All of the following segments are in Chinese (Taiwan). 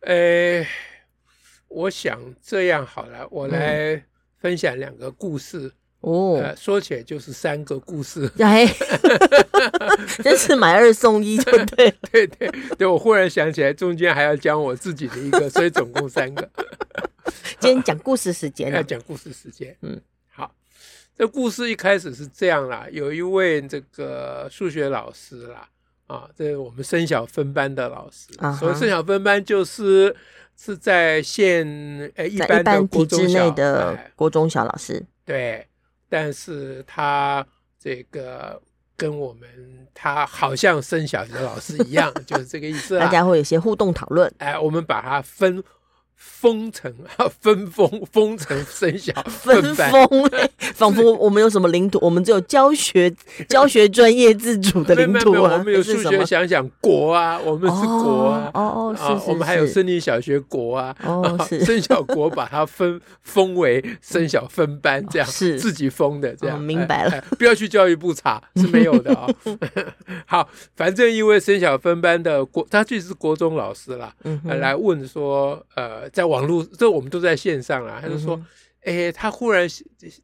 呃，我想這樣好了，我來分享兩個故事、嗯、哦、呃。說起來就是三個故事，來、哎，真 是 買二送一就對了， 對對對對對。我忽然想起來，中間還要講我自己的一個， 所以總共三個。 今天講故事時間了，要講故事時間，嗯，好。這故事一開始是這樣啦，有一位這個數學老師啦。啊，這是我們生小分班的老師，uh -huh、所以生小分班就是是在現呃、欸，一般國中般體制內的國中小老師、欸，對，但是他這個跟我們他好像生小學老師一樣， 就是這個意思、啊、 大家會有些互動討論，哎、欸，我們把它分。封城啊，分封封城森小分班分封，欸，仿佛我們有什麼領土，我們只有教學教學專業自主的領土、啊、沒有沒有我們有數學想想國啊，我們是國啊，哦啊哦，哦是是是、啊，我們還有森林小學國啊，哦是森、啊、小國把它分封為森小分班、嗯、這樣、哦、是自己封的這樣、哦，明白了、哎哎，不要去教育部查是沒有的啊、哦。 好，反正因為森小分班的國，他就是國中老師了、嗯，來問說呃。在網絡，這我們都在線上啊，他就說，哎、嗯欸，他忽然，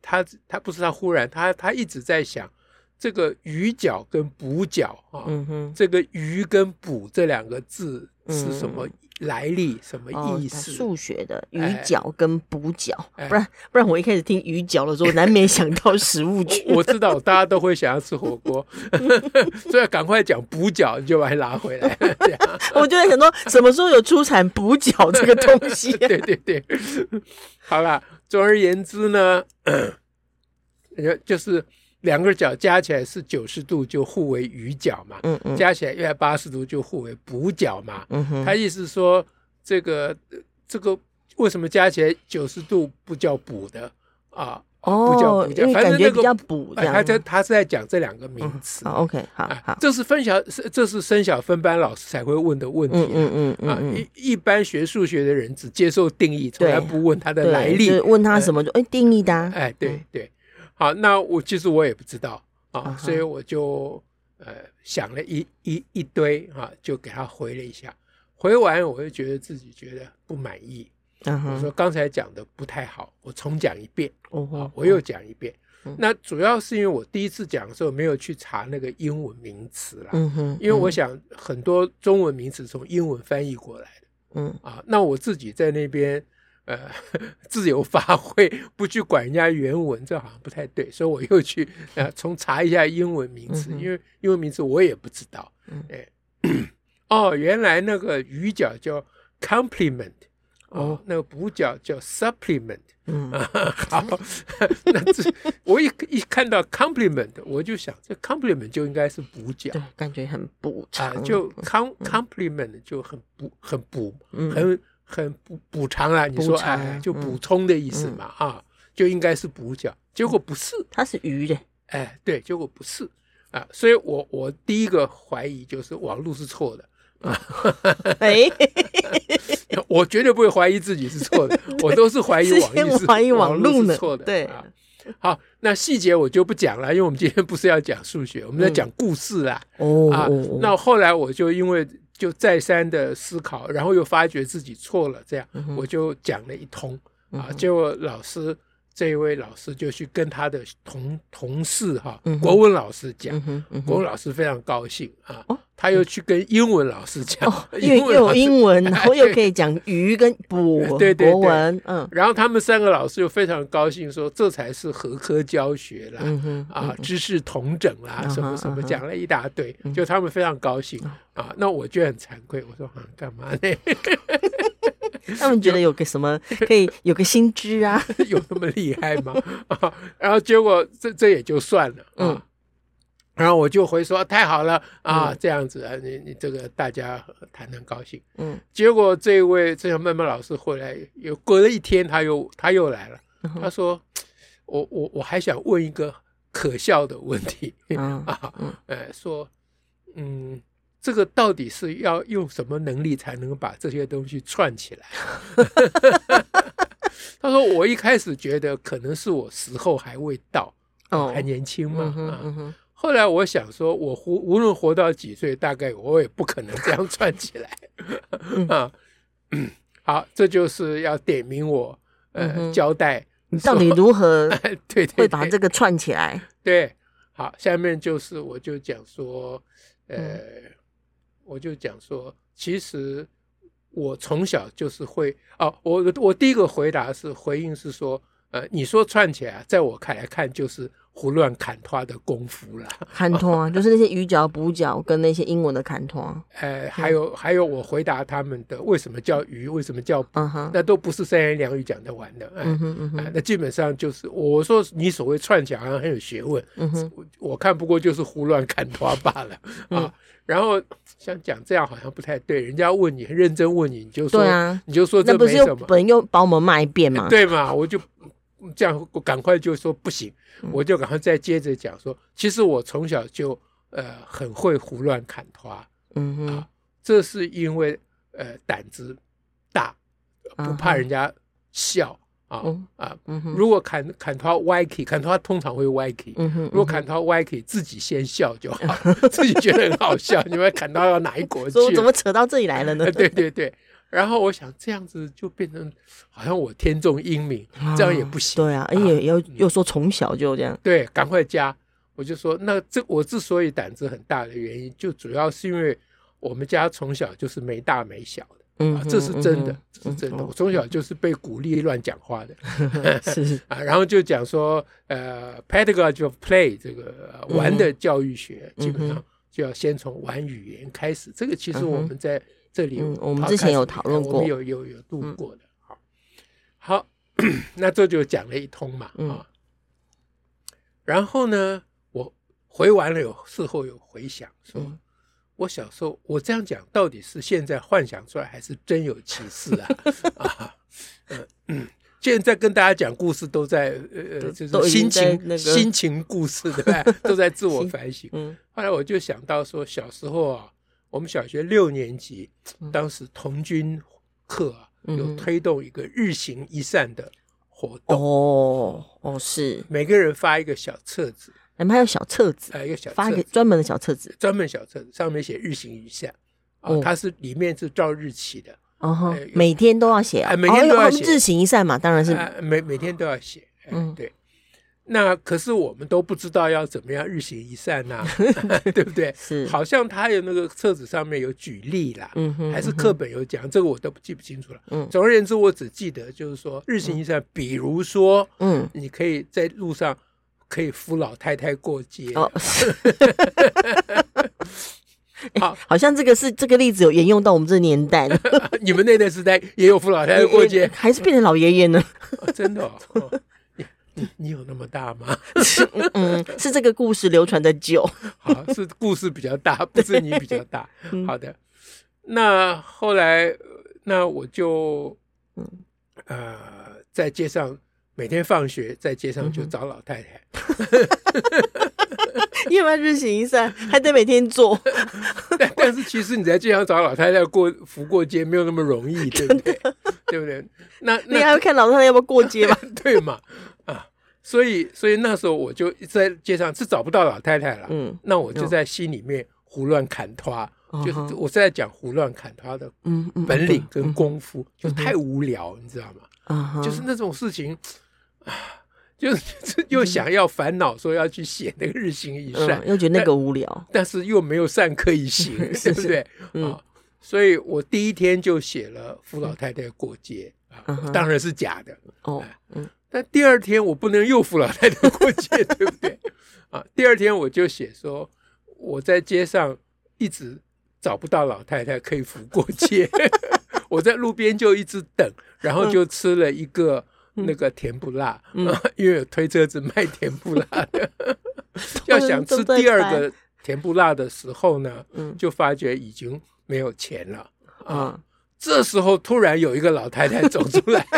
他他不是他忽然，他他一直在想這個“餘角”跟“補角”啊，嗯、這個“餘”跟“補”這兩個字是什麼？嗯嗯來歷什麼意思？哦、數學的餘角跟補角、哎，不然、哎、不然，我一開始聽餘角的時候、哎、我難免想到食物去。我知道大家都會想要吃火鍋， 所以要趕快講補角，你就把它拿回來。 我就在想說， 什麼時候有出產補角這個東西、啊？ 對對對，好了，總而言之呢， 呃、就是。兩個角加起來是九十度，就互為餘角嘛。嗯嗯。加起來一百八十度，就互為補角嘛、嗯。他意思說，這個這個為什麼加起來九十度不叫補的啊？哦，啊、不叫補角，反正覺、那個、比較補的、哎、他在他是在講這兩個名詞。嗯、好 OK，好、哎，好。這是分小，這是生小分班老師才會問的問題、啊。嗯嗯嗯，嗯啊，一一般學數學的人只接受定義，從來不問他的來歷。嗯、問他什麼？哎，定義的、啊。哎，對對。嗯。好，那我其實我也不知道啊，uh -huh. 所以我就呃想了一一一堆啊，就給他回了一下。回完我就覺得自己覺得不滿意，uh -huh. 我說剛才講的不太好，我重講一遍。Uh -huh. 啊，我又講一遍。Uh -huh. 那主要是因為我第一次講的時候沒有去查那個英文名詞啦，uh -huh. 因為我想很多中文名詞從英文翻譯過來的，嗯、uh -huh. 啊，那我自己在那邊。呃，自由發揮，不去管人家原文，這好像不太對，所以我又去呃重查一下英文名詞、嗯，因為英文名字我也不知道。誒、嗯哎，哦，原來那個餘角叫 complement，哦，哦，那個補角叫 supplement 嗯。嗯、啊，好，那這我一一看到 complement，我就想，這 complement 就應該是補角，對，感覺很補啊，就 com complement 就很補，很補，很。嗯很補補償啊，你說哎，就補充的意思嘛，嗯、啊，就應該是補角，嗯，結果不是，它是餘的，哎，對，結果不是啊，所以我我第一個懷疑就是網路是錯的啊，嗯啊 哎、 我絕對不會懷疑自己是錯的， 我都是懷疑網，網，路呢網路是錯的，對、啊，好，那細節我就不講了，因為我們今天不是要講數學，我們在講故事啦，嗯、啊，哦，哦，哦，哦，啊，那後來我就因為。就再三的思考，然後又發覺自己錯了，這樣、嗯、我就講了一通、嗯、啊。結果老師這位老師就去跟他的同同事哈、嗯、國文老師講、嗯嗯，國文老師非常高興、嗯、啊。哦他又去跟英文老師講，因、哦、為有英文，然、啊、後又可以講魚跟補。對，文，對對對，嗯，然後他們三個老師又非常高興，說，這才是合科教學啦，嗯、啊、嗯，知識統整啦，嗯、什麼什麼，講、嗯、了一大堆、嗯，就他們非常高興、嗯、啊，啊，啊，啊，啊，啊。那我就很慚愧，我說啊，幹嘛呢？ 他們覺得有個什麼 可以有個新知啊， 有那麼厲害嗎、啊？然後結果這這也就算了，嗯。嗯然後我就回說太好了啊、嗯，這樣子啊，你你這個大家談談高興。嗯、結果這位這位曼曼老師後來又過了一天，他又他又來了，嗯、他說我我我還想問一個可笑的問題、嗯、啊，呃、哎，說嗯，這個到底是要用什麼能力才能把這些東西串起來？ 他說我一開始覺得可能是我時候還未到，哦、還年輕嘛、嗯後來我想說我，我活無論活到幾歲，大概我也不可能這樣串起來、 嗯、啊、嗯。好，這就是要點名我呃、嗯、交代你到底如何、呃、對，對，對會把這個串起來。對，好，下面就是我就講說，呃，嗯、我就講說，其實我從小就是會哦、啊，我我第一個回答是回應是說，呃，你說串起來，在我看來看就是。胡亂牽拖的功夫了，牽拖啊， 就是那些餘角補角跟那些英文的牽拖。哎、呃嗯，還有還有，我回答他們的為什麼叫餘，為什麼叫……啊、那都不是三言兩語講得完的。哎、嗯哼，嗯哼、呃，那基本上就是我說你所謂串講好像很有學問，我、嗯、我看不過就是胡亂牽拖罷了、嗯、啊。然後像講這樣好像不太對，人家問你，很認真問你，你就說對、啊、你就說這，那不是又本又把我們罵一遍嘛、欸，對嘛，我就。 這樣我趕快就說不行，我就趕快再接着講說，嗯、其實我從小就呃很會胡亂砍花，嗯哼、啊，這是因為呃膽子大，不怕人家笑啊，哼，啊，啊、嗯、哼。如果砍砍花歪起，砍花通常會歪起，如果砍花歪起，自己先笑就好，嗯哼嗯哼，自己覺得很好笑。 你們砍到要哪一國去？所以我怎麼扯到這裡來了呢？啊、對對對。 然後我想這樣子就變成好像我天縱英明，啊、這樣也不行。對啊，而且又又說從小就這樣。對，趕快加！我就說那這我之所以膽子很大的原因，就主要是因為我們家從小就是沒大沒小的，啊，這是真的，嗯嗯、是真的、嗯。我從小就是被鼓勵亂講話的，哦、呵呵呵呵是,是啊。然後就講說，呃，pedagogy of play 這個、呃、玩的教育學、嗯，基本上就要先從玩語言開始。嗯、這個其實我們在。嗯這裡、嗯、我們之前有討論過、嗯，我有有有錄過的，好、嗯，好，那這就，就講了一通嘛啊、嗯，然後呢，我回完了有事後有回想說，說、嗯、我小時候我這樣講到底是現在幻想出來還是真有其事啊 啊、嗯，現在跟大家講故事都在呃，就是心情、那個、心情故事對不對？ 都在自我反省、嗯。後來我就想到說小時候啊。我們小學六年級，當時童軍課、啊、有推動一個日行一善的活動、嗯、哦，哦是，每個人發一個小冊子，你們還有小冊子，哎、啊，一個小發一個專門的小冊子，專門小冊子上面寫日行一善、哦，哦，它是裡面是照日期的，哦，呃、每天都要寫啊，每天都要寫日行一善嘛，當然是每每天都要寫，哦啊要寫呃、嗯，對。那可是我們都不知道要怎麼樣日行一善吶、啊， 對不對？是，好像他有那個冊子上面有舉例了，嗯哼，嗯哼，還是課本有講，這個我都不記不清楚了。嗯，總而言之，我只記得就是說日行一善、嗯，比如說，嗯，你可以在路上可以扶老太太過街。嗯啊、哦， 好，欸、好像這個是這個例子有沿用到我們這年代。 你們那代時代也有扶老太太過街，還是變成老爺爺呢、？ 哦？真的、哦。 你，你有那麼大嗎？ 是，嗯，嗯，是這個故事流傳的久。 好，是故事比較大，不是你比較大。好的、嗯，那後來，那我就、嗯，呃，在街上每天放學在街上就找老太太。嗯、 你有沒有日行一善，還得每天做？ 但但是其實你在街上找老太太過扶過街沒有那麼容易， 對不對？ 對不對？ 那，那你還要看老太太要不要過街嘛， 對嘛？所以，所以那時候我就在街上是找不到老太太了。嗯，那我就在心裡面胡亂牽拖、嗯，就是我在講胡亂牽拖的嗯本領跟功夫，嗯嗯、就是、太無聊，嗯，你知道嗎、嗯？就是那種事情，嗯啊、就是又想要煩惱，說要去寫那個日行一善、嗯，又覺得那個無聊，但是又沒有善可以行，對不對？所以我第一天就寫了扶老太太過街、嗯啊嗯、當然是假的。哦，啊、嗯。但第二天我不能又扶老太太過街，對不對？ 啊，第二天我就寫說，我在街上一直找不到老太太可以扶過街， 我在路邊就一直等，然後就吃了一個那個甜不辣、嗯嗯、啊，因為有推車子賣甜不辣的。嗯、 要想吃第二個甜不辣的時候呢，嗯、就發覺已經沒有錢了啊、嗯。這時候突然有一個老太太走出來。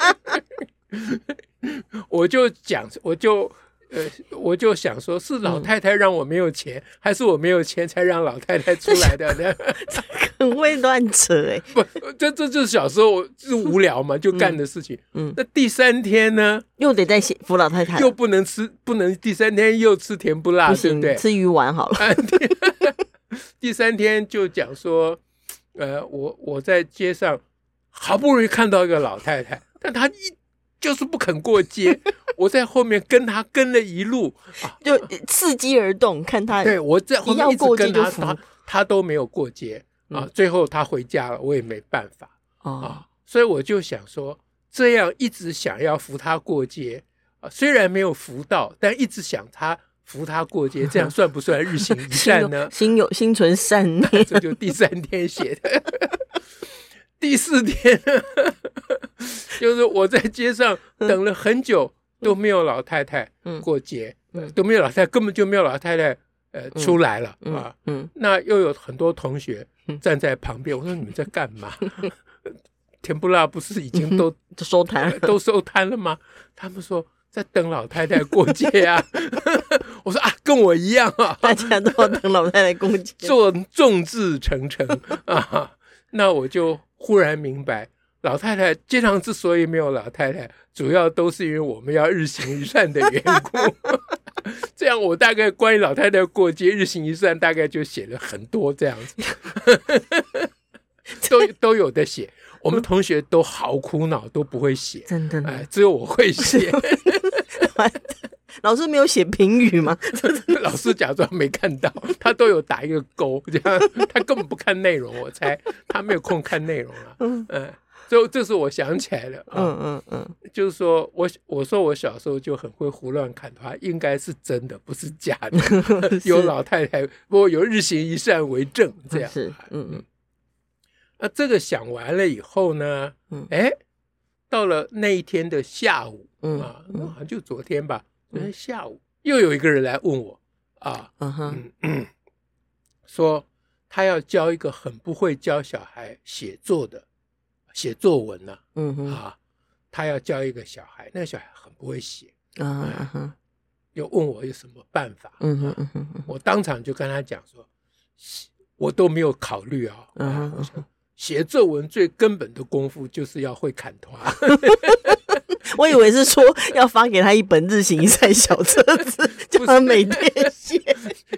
我就講，我就呃，我就想說，是老太太讓我沒有錢、嗯，還是我沒有錢才讓老太太出來的呢？這 很會亂扯哎、欸！ 不，這這就是小時候是無聊嘛，就幹的事情嗯。嗯，那第三天呢，又得再扶老太太，又不能吃，不能第三天又吃甜不辣，不，對不對？吃魚丸好了。 第三天就講說，呃，我我在街上好不容易看到一個老太太，但她一。就是不肯過街， 我在後面跟他跟了一路， 就伺機而動、啊，看他。對，我在後面一直跟他，要過街就扶他，他都沒有過街、嗯、啊。最後他回家了，我也沒辦法、嗯、啊。所以我就想說，這樣一直想要扶他過街、啊、雖然沒有扶到，但一直想他扶他過街， 這樣算不算日行一善呢？ 心有，心有，心存善念， 這就第三天寫的。 第四天， 就是我在街上等了很久、嗯、都沒有老太太過街、嗯嗯，都沒有老太太，根本就沒有老太太呃出來了、嗯、啊、嗯。那又有很多同學站在旁邊，我說你們在幹嘛？甜、嗯、不辣不是已經都、嗯嗯、收攤了都收攤了嗎？他們說在等老太太過街啊。 我說啊，跟我一樣，啊，大家都要等老太太過街， 做眾志成城啊。 那我就。忽然明白，老太太街上之所以沒有老太太，主要都是因為我們要日行一善的緣故。 這樣，我大概關於老太太過街、日行一善，大概就寫了很多這樣子，都 都有的寫。 我們同學都好苦惱，都不會寫，真的呢，哎、呃，只有我會寫。 老師沒有寫評語嗎？ 老師假裝沒看到，他都有打一個勾，這樣他根本不看內容。 我猜他沒有空看內容了、啊。嗯嗯，就這是我想起來的、啊。嗯嗯嗯，就是說我我說我小時候就很會胡亂看的話，話應該是真的，不是假的。 有老太太，不過有日行一善為正，這樣嗯嗯是嗯嗯。那這個想完了以後呢？欸、嗯，哎。到了那一天的下午，嗯、啊，好、嗯、像就昨天吧，昨、嗯、天下午又有一個人來問我，啊、uh -huh. 嗯嗯，說他要教一個很不會教小孩寫作的寫作文呢、啊，uh -huh. 啊，他要教一個小孩，那個小孩很不會寫，啊，uh -huh. 又問我有什麼辦法，啊 uh -huh. 我當場就跟他講說，我都沒有考慮、哦、啊。Uh -huh. 我寫作文最根本的功夫就是要會砍他， 我以為是說要發給他一本日行一善小冊子，就 他每天寫。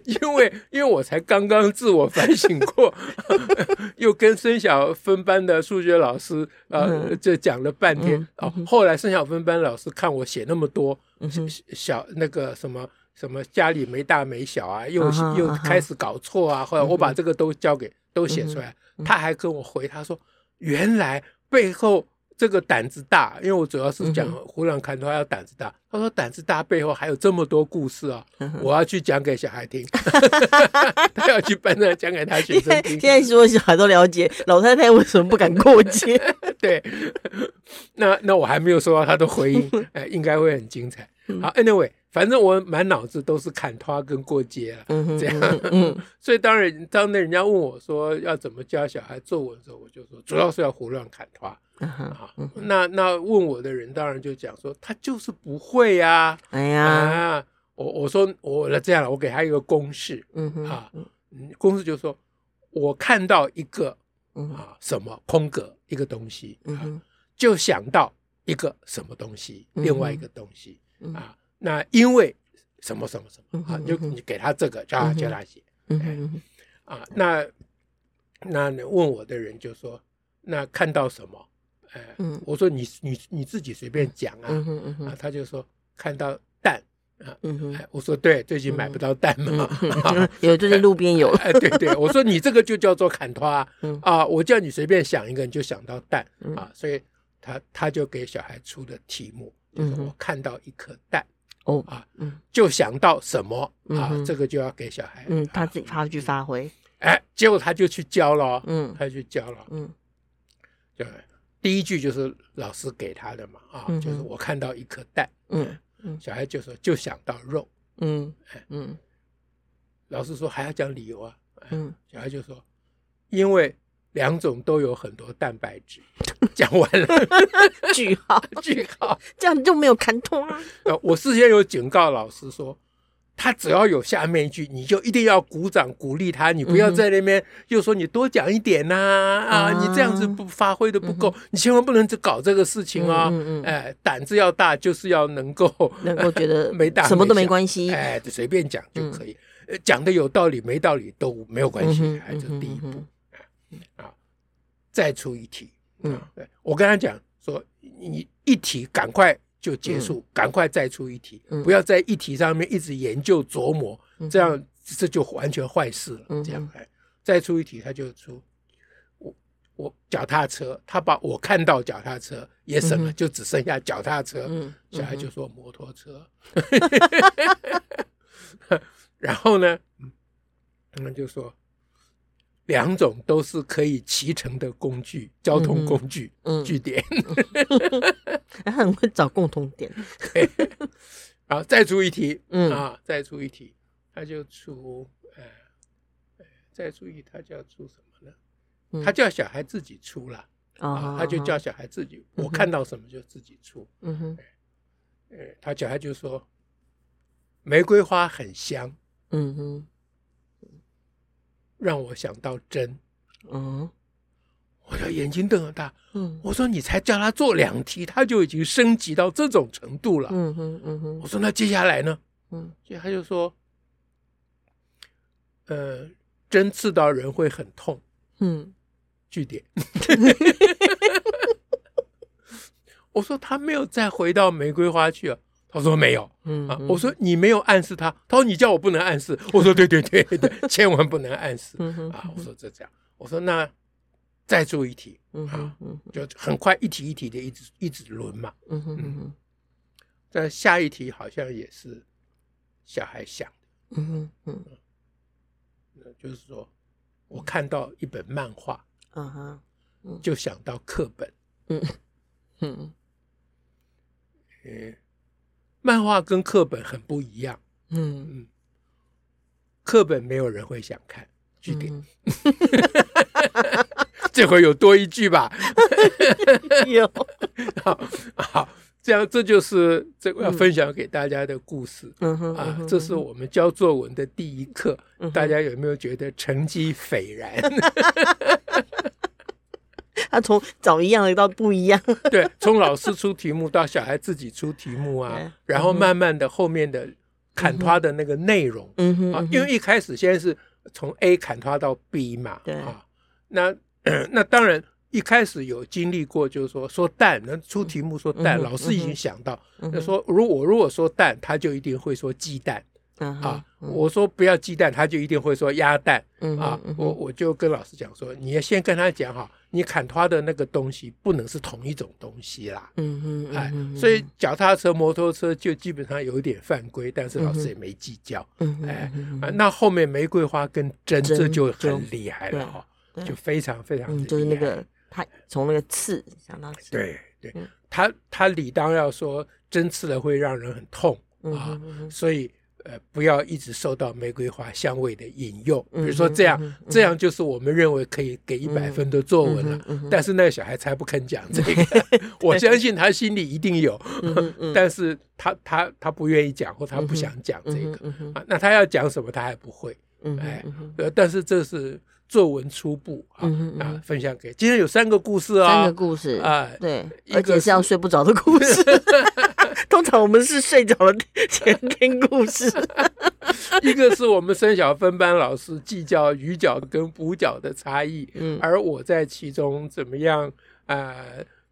因為因為我才剛剛自我反省過， 又跟森小分班的數學老師啊、呃，就講了半天。哦，後來森小分班老師看我寫那麼多、嗯、小那個什麼。什麼家裡沒大沒小啊，又又開始搞錯啊好好好。後來我把這個都交給，嗯、都寫出來、嗯。他還跟我回，他說：“原來背後這個膽子大，因為我主要是講胡亂看，他要膽子大。嗯”他說：“膽子大背後還有這麼多故事啊，嗯、我要去講給小孩聽。嗯” 他要去搬出來講給他學生聽 現在所有說小孩都了解 老太太為什麼不敢過街。 對，那那我還沒有收到他的回音， 哎、應該會很精彩。嗯、好，Anyway。反正我滿腦子都是牽拖跟過街啊，嗯、這樣、嗯嗯呵呵，所以當然，當那人家問我說要怎麼教小孩作文的時候，我就說主要是要胡亂牽拖、嗯啊嗯、那那問我的人當然就講說他就是不會呀、啊。哎呀，啊、我我說我那這樣了，我給他一個公式、嗯、啊，公式就是說，我看到一個、嗯、啊什麼空格一個東西、啊嗯、就想到一個什麼東西、嗯，另外一個東西、嗯、啊。那因為什麼什麼什麼啊？嗯、就你給他這個，嗯、叫他叫他寫。嗯、哎、嗯啊，那那問我的人就說，那看到什麼？哎，嗯、我說你你你自己隨便講啊、嗯嗯、啊。他就說看到蛋啊、嗯哎。我說對，最近買不到蛋嘛。嗯嗯哈哈嗯、有，最、就、近、是、路邊有、哎哎嗯。對對、對， 我說你這個就叫做牽拖啊、嗯！啊，我叫你隨便想一個，你就想到蛋、嗯、啊。所以他他就給小孩出的題目就是我看到一顆蛋。嗯哦、oh, 啊，嗯，就想到什麼啊、嗯，這個就要給小孩，嗯，啊、他自己發去發揮、嗯。哎，結果他就去教了，嗯，他去教了，嗯，就第一句就是老師給他的嘛，啊，嗯、就是我看到一顆蛋，嗯嗯，小孩就說就想到肉，嗯，嗯哎嗯，老師說還要講理由啊，哎、嗯，小孩就說因為。兩種都有很多蛋白質。講完了， 句號 句號，這樣就沒有看通啊、呃。我事先有警告老師說，他只要有下面一句，你就一定要鼓掌鼓勵他，你不要在那邊、嗯、就說你多講一點吶啊,、嗯、啊，你這樣子不發揮的不夠、嗯，你千萬不能只搞這個事情、哦、嗯,嗯，哎、呃，膽子要大，就是要能夠能夠覺得呵呵沒大。什麼都沒關係，哎、呃，隨便講就可以。嗯呃、講的、嗯呃、有道理沒道理都沒有關係、嗯，還是第一步。嗯啊，再出一題啊、嗯！我跟他講說，你一題趕快就結束，趕、嗯、快再出一題、嗯，不要在一題上面一直研究琢磨，嗯、這樣這就完全壞事了。嗯、這樣，哎，再出一題，他就出我我腳踏車，他把我看到腳踏車也省了，嗯、就只剩下腳踏車、嗯。小孩就說摩托車，嗯、 然後呢，他們就說。兩種都是可以騎乘的工具，交通工具，據、嗯、點，嗯、 還很會找共同點。好、 啊，再出一題，嗯啊，再出一題，他就出，呃、再出一題，他就要出什麼呢、嗯？他叫小孩自己出了、哦啊、他就叫小孩自己、哦，我看到什麼就自己出嗯、呃，嗯哼，他小孩就說，玫瑰花很香，嗯哼。讓我想到針，嗯，我的眼睛瞪得大。嗯，我說你才叫他做兩題，他就已經升級到這種程度了。嗯哼嗯哼，嗯，我說那接下來呢，嗯，就他就說，呃，針刺到人會很痛，嗯，句點。 我說他沒有再回到玫瑰花去了。啊。他說沒有，啊、嗯嗯，我說你沒有暗示他。他說你叫我不能暗示。我說對對對對， 千萬不能暗示。啊，我說這這樣。我說那再做一題，啊、嗯嗯，就很快一題一題的一，一直一直輪嘛。嗯哼嗯哼。嗯嗯再下一題好像也是小孩想的。嗯哼嗯，嗯，那就是說我看到一本漫畫、嗯，就想到課本。嗯哼，嗯。嗯漫畫跟課本很不一樣，嗯、嗯、課本沒有人會想看，句點。嗯、 這回有多一句吧？有， 好，好，這樣這就是這個要分享給大家的故事，嗯、啊、嗯嗯，這是我們教作文的第一課、嗯，大家有沒有覺得成績斐然？ 他從找一樣的到不一樣，對，從老師出題目到小孩自己出題目啊， 嗯、然後慢慢的後面的砍他的那個內容，嗯哼，啊、嗯哼，因為一開始現在是從 A 砍他到 B 嘛，對啊，那那當然一開始有經歷過，就是說說蛋能出題目說蛋、嗯，老師已經想到、嗯哼嗯哼就是、說，如我如果說、說蛋、嗯啊嗯、說蛋，他就一定會說雞蛋、嗯哼，啊，我說不要雞蛋，他就一定會說鴨蛋，啊，我我就跟老師講說，你要先跟他講哈、啊。你砍它的那個東西不能是同一種東西啦，嗯哼嗯哼，哎，所以腳踏車、摩托車就基本上有點犯規，但是老師也沒計較，嗯哎嗯嗯、呃，那後面玫瑰花跟針，針這就很厲害了哈、哦，就非常非常之厲害、嗯，就是那個他從那個刺想到刺，對對，嗯、他他理當要說針刺了會讓人很痛、嗯、啊、嗯，所以。呃，不要一直受到玫瑰花香味的引誘，比如說這樣、嗯嗯，這樣就是我們認為可以給一百分的作文了、啊嗯嗯嗯。但是那個小孩才不肯講這個，嗯、 我相信他心裡一定有，嗯嗯、但是他他他不願意講，或他不想講這個、嗯嗯啊、那他要講什麼，他還不會。嗯嗯哎、但是這是。作文初步啊、嗯嗯、啊，分享給今天有三個故事啊、哦，三個故事啊，對一個，而且是要睡不着的故事。 通常我們是睡着了前聽故事， 一個是我們生小分班老師計較餘角跟補角的差異、嗯，而我在其中怎麼樣，呃，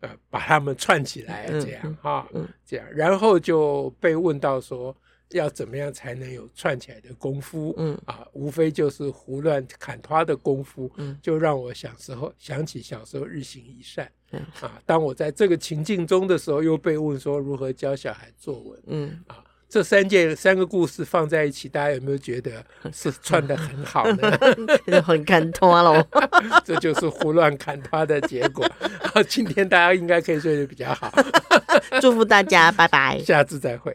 呃把它們串起來、嗯、這樣哈、嗯，這樣，然後就被問到說。要怎麼樣才能有串起來的功夫？嗯啊，無非就是胡亂牽拖的功夫。嗯，就讓我小時候想起小時候日行一善。嗯啊，當我在這個情境中的時候，又被問說如何教小孩作文。嗯啊，這三件三個故事放在一起，大家有沒有覺得是串得很好的？很牽拖嘍！嗯、 這就是胡亂牽拖的結果。 今天大家應該可以睡得比較好。 祝福大家，拜拜。下次再會。